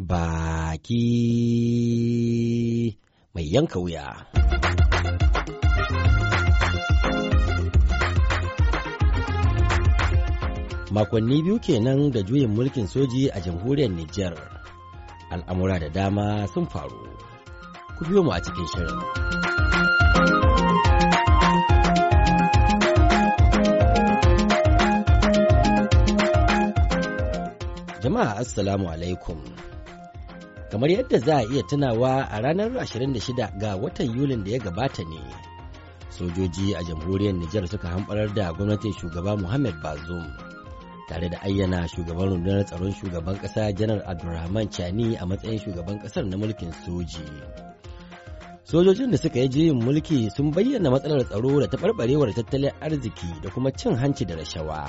baki mai yanka wuya. Makonni biyu kenan da juyin mulkin soji a jamhuriyar Nijar. Al'amura da dama sun faru. Ku biyo mu a cikin shirin. Jama'a Assalamu alaikum. kamar yadda za a iya tunawa a ranar 26 ga watan yulin da ya gabata ne sojoji a jamhuriyar nijar suka hamɓarar da gwamnatin shugaba muhammad bazoum tare da ayyana shugaban rundunar tsaron shugaban ƙasa janar abdulrahman chani a matsayin shugaban ƙasar na mulkin soji sojojin da suka yi juyin mulki sun bayyana matsalar tsaro da taɓarɓarewar tattalin arziki da kuma cin hanci da rashawa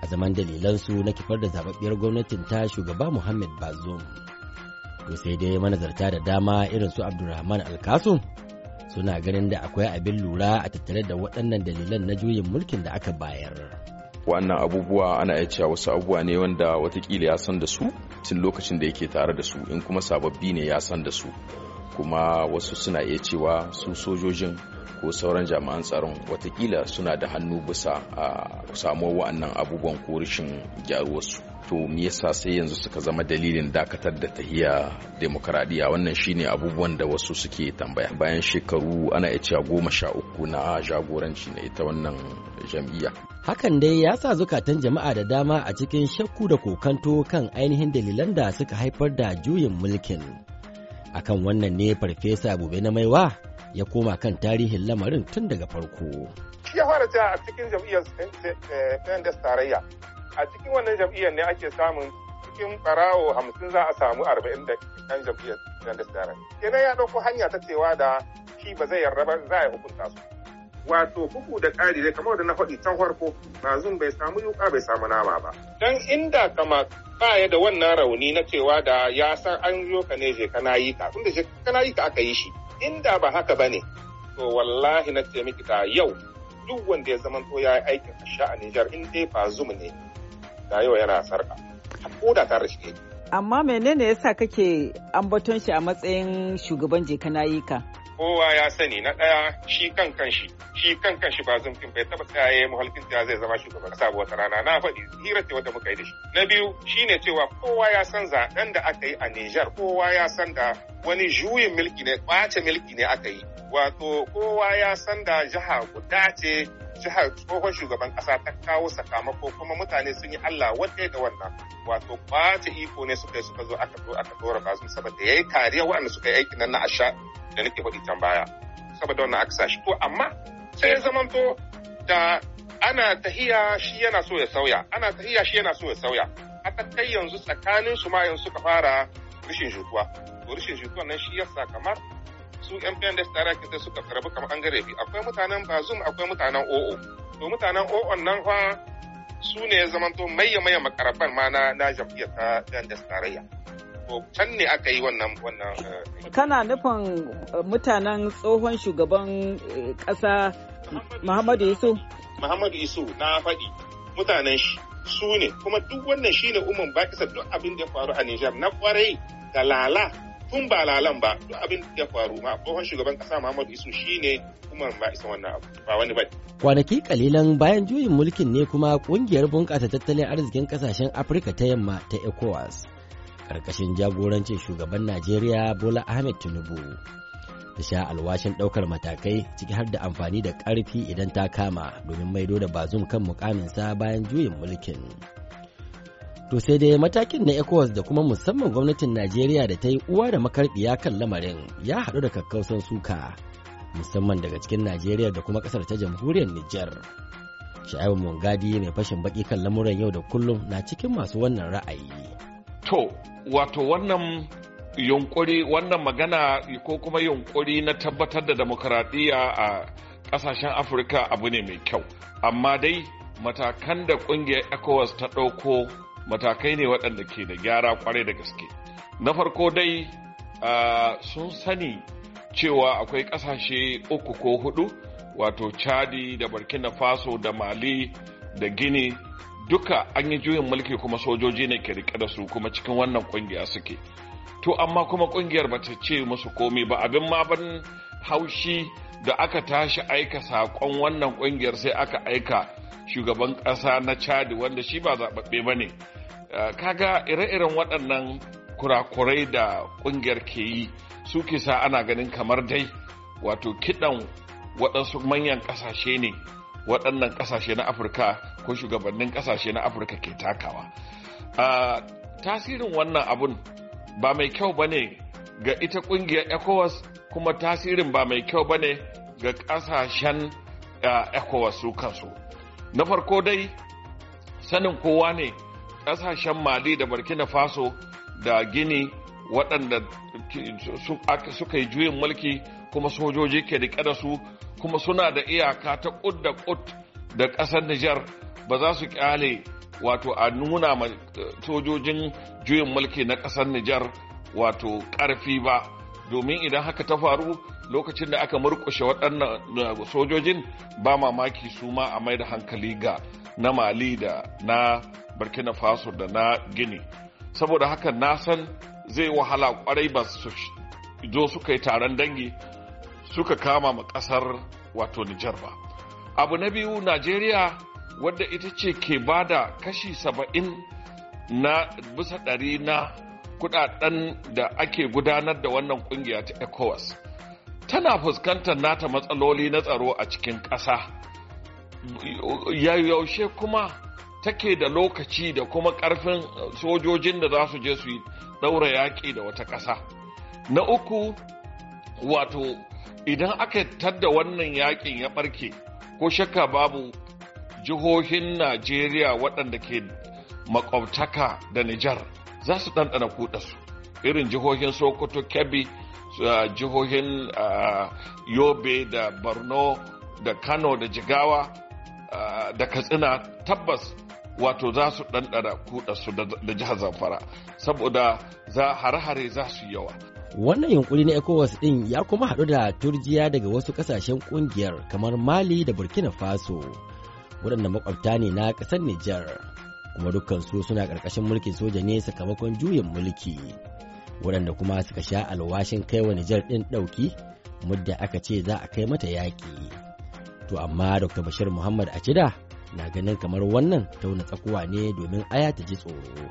a zaman dalilansu na kifar da zababbiyar gwamnatin ta shugaba muhammad bazoum to sai dai manazarta da dama irin su abdulrahman Alkasu suna ganin da akwai abin lura a tattare da waɗannan dalilan na juyin mulkin da aka bayar wannan abubuwa ana iya cewa wasu abubuwa ne wanda watakila ya san da su tun lokacin da yake tare da su in kuma sababbi ne ya san da su kuma wasu suna iya cewa su sojojin ko sauran jami'an tsaron watakila suna da hannu bisa a samuwa wa'annan abubuwan ko rashin gyaruwarsu to me yasa sai yanzu suka zama dalilin dakatar da tahiya demokradiya wannan shine abubuwan da wasu suke tambaya bayan shekaru ana iya cewa goma sha uku na jagoranci na ita wannan jam'iyya hakan dai ya sa zukatan jama'a da dama a cikin shakku da kokanto kan ainihin dalilan da suka haifar da juyin mulkin akan wannan ne farfesa bube na maiwa ya koma kan tarihin lamarin tun daga farko ya fara cewa a cikin jam'iyyar eh, tarayya a cikin wannan jam'iyyar ne ake samun cikin barawo hamsin za a samu arba'in da ɗan jam'iyyar jam'iyyar kenan ya ɗauko hanya ta cewa da shi ba zai yarda ba za a hukunta su wato bugu da ƙari dai kamar da na faɗi can farko mazun bai samu yuka bai samu nama ba dan inda kama ba ya da wannan rauni na cewa da ya san an yi ka ne je kana yi ka tunda je kana yi ka aka yi shi inda ba haka ba ne? to wallahi na ce miki da yau duk wanda ya zama ya yi aikin a sha'anin jar in dai ba zum ne rayuwa yana sarka ko da ta shi amma menene yasa kake ambaton shi a matsayin shugaban je kana ka kowa ya sani na ɗaya shi kan kan shi shi kan kan shi ba zumfin bai taɓa tsaye muhalkin ya zai zama shugaban kasa ba wata rana na faɗi hira ce wata muka yi da shi na biyu shine cewa kowa ya san zaɓen da aka yi a Nijar kowa ya san da wani juyin milki ne ɓace milki ne aka yi wato kowa ya san da jiha guda ce jihar tsohon shugaban kasa ta kawo sakamako kuma mutane sun yi Allah wadda da wannan wato ba ta iko ne suka suka zo aka zo aka dora bazum saboda yayi kariya waɗanda suka yi aikin nan na asha da nake faɗi can baya saboda wannan aka sashi to amma sai ya to da ana tahiya shi yana so ya sauya ana tahiya shi yana so ya sauya a kai yanzu tsakanin su ma yanzu suka fara rishin jituwa to rishin jituwa nan shi yasa kamar su yan da tare da suka rabu kamar an gare bi akwai mutanen Bazum akwai mutanen OO to mutanen OO nan fa su ne ya zama to maye maye makaraban ma na na jam'iyyar ta da tarayya to can ne aka yi wannan wannan eh, kana nufin eh, mutanen tsohon shugaban eh, ƙasa Muhammadu Isu Muhammadu Isu na faɗi mutanen shi su ne kuma duk wannan shine umman bakisar duk abin da ya faru a Nijar na kwarai da lala tun ba lalan ba duk abin da ya faru ma tsohon shugaban kasa Muhammadu Isu shine kuma ba isa wannan abu ba wani ba kwanaki kalilan bayan juyin mulkin ne kuma kungiyar bunƙasa tattalin arzikin kasashen Afirka ta yamma ta ECOWAS karkashin jagorancin shugaban Najeriya Bola Ahmed Tinubu ta sha alwashin ɗaukar matakai ciki har da amfani da ƙarfi idan ta kama domin maido da bazum kan mukaminsa bayan juyin mulkin. To sai dai matakin na ECOWAS da kuma musamman gwamnatin Najeriya da ta yi uwa da makarbiya kan lamarin ya haɗu da kakkausan suka musamman daga cikin Najeriya da kuma ƙasar ta jamhuriyar Nijar. Sha'ibu Mungadi mai fashin baki kan lamuran yau da kullum na cikin masu wannan ra'ayi. To, wato wannan yunkuri wannan magana ko kuma yunkuri na tabbatar da demokaradiyya a ƙasashen Afirka abu ne mai kyau. Amma dai matakan da ƙungiyar ECOWAS ta ɗauko matakai ne waɗanda ke da gyara kwarai da gaske na farko dai sun sani cewa akwai ƙasashe uku ko hudu wato chadi da burkina faso da mali da gini duka an yi juyin mulki kuma sojoji ne ke rike da su kuma cikin wannan kungiya suke to amma kuma kungiyar ba ta ce musu komi ba abin ma ban haushi da aka tashi aika saƙon wannan kungiyar sai aka aika shugaban ƙasa na chad wanda shi ba zaɓaɓɓe ba ne uh, kaga ire-iren waɗannan kurakurai da ƙungiyar ke yi su kisa ana ganin kamar dai wato kiɗan waɗansu manyan ƙasashe ne waɗannan ƙasashe na afirka ko shugabannin ƙasashe na afirka ke takawa uh, tasirin wannan abun ba mai kyau ba ne ga ita ƙungiyar ecowas kuma tasirin ba mai kyau ba ne ga ƙasashen uh, ecowas su kansu na farko dai sanin kowa ne ƙasashen mali da burkina faso da gini waɗanda suka yi juyin mulki kuma sojoji ke riƙe da su kuma suna da iyaka ta ƙud da ƙud da ƙasar nijar ba za su ƙyale wato a nuna eh, sojojin juyin mulki na ƙasar nijar wato ƙarfi ba domin idan haka ta faru lokacin da aka murkushe waɗannan eh, sojojin ba mamaki su ma a mai da hankali ga na mali da na burkina faso da na gini saboda haka na san zai wahala kwarai ba su zo suka yi taron dangi suka kama ma ƙasar wato nijar ba abu na biyu najeriya wadda ita ce ke ba da kashi saba'in na bisa ɗari na kudaden da ake gudanar da wannan kungiya ta ecowas tana fuskantar nata matsaloli na tsaro a cikin ƙasa yaushe kuma take da lokaci da kuma ƙarfin sojojin da za su je su yi ɗaura yaƙi da wata ƙasa na uku wato idan aka tadda wannan yaƙin ya ɓarke ko shakka babu jihohin najeriya waɗanda ke makwabtaka da nijar za su ɗanɗana su irin jihohin sokoto kebbi ah, jihohin ah, yobe da borno da kano da jigawa ah, da katsina tabbas wato za su ɗanɗana su da jihar zamfara saboda za hare-hare za su yawa wannan yunkuri na ecowas ɗin ya kuma haɗu da turjiya daga wasu ƙasashen ƙungiyar kamar mali da burkina faso waɗanda makwabta ne na ƙasar nijar kuma dukkansu suna ƙarƙashin mulkin soja ne sakamakon juyin mulki waɗanda kuma suka sha alwashin kai wa Nijar ɗin ɗauki mudda aka ce za a kai mata yaƙi. To amma Dr. Bashir Muhammad Acida na ganin kamar wannan tauna tsakuwa ne domin aya ta ji tsoro.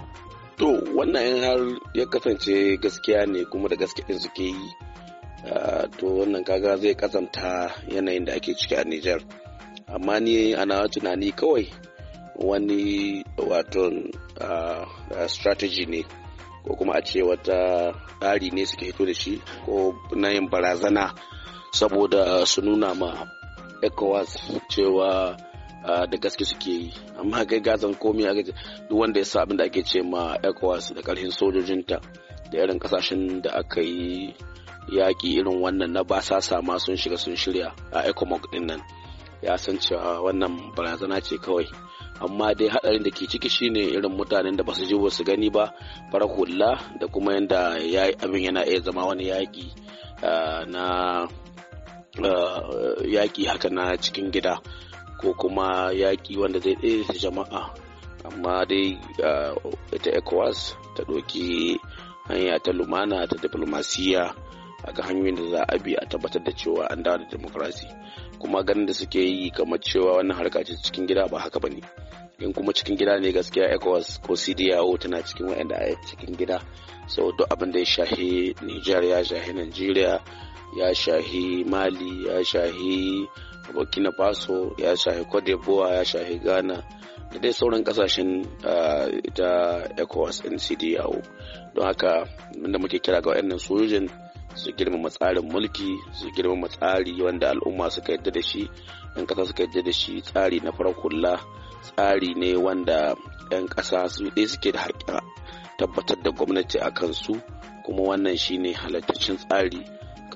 To wannan har ya kasance gaskiya ne kuma da gaske ɗin suke yi. To wannan kaga zai kazanta yanayin da ake ciki a Nijar. Amma ni ana tunani kawai wani waton ah, ah, strategy ne ko kuma a ce wata tsari ne suke hito da shi ko na yin barazana saboda su nuna ma ecowas cewa ah, da gaske suke yi amma kai gazan komi a duk wanda ya sa abin da ake ce ma ecowas da karfin sojojinta da irin kasashen da aka yi yaƙi irin wannan na basasa ma sun shiga sun shirya a ecomog din nan ya san cewa wannan barazana ce kawai amma dai hadarin da ke ciki shine irin mutanen da basu je ba su gani ba farahulla hula da kuma yadda abin yana iya zama wani yaƙi ah, na ah, yaƙi haka na cikin gida ko kuma yaƙi wanda zai ɗaya jama'a amma dai ah, ita ecowas ta ɗauki hanya ta lumana ta diplomasiyya a ga hanyoyin da za a bi a tabbatar da cewa an dawo da demokrasi kuma ganin da suke yi kamar cewa wannan harka ce cikin gida ba haka ba ne in kuma cikin gida ne gaskiya ecowas ko cdao tana cikin waɗanda a cikin gida sau duk abin da ya shahi niger ya shahi nigeria ya shahi mali ya shahi burkina faso ya shahi cote ya shahi ghana da dai sauran kasashen ah, ita ecowas ncdao don haka da muke kira ga waɗannan sojojin su girmama tsarin mulki su girmama tsari wanda al'umma suka yadda da shi yan ƙasa suka yadda da shi tsari na farar tsari ne wanda yan ƙasa su ɗaya suke da haƙƙin tabbatar da gwamnati a kansu kuma wannan shine halattacin tsari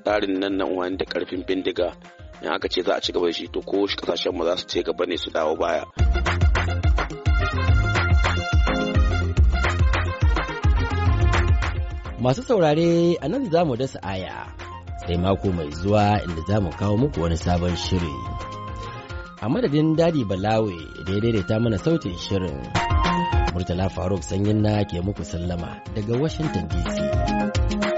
tsarin nan na wani da ƙarfin bindiga in aka ce za a ci gaba da shi to ko kasashen mu za su ce gaba ne su dawo baya. Masu saurare a nan za mu dasa aya sai mako mai zuwa inda za mu kawo muku wani sabon shiri. A madadin Dadi Balawe da ya daidaita mana sautin shirin. Murtala Faruk Sanyin na ke muku sallama daga Washington DC.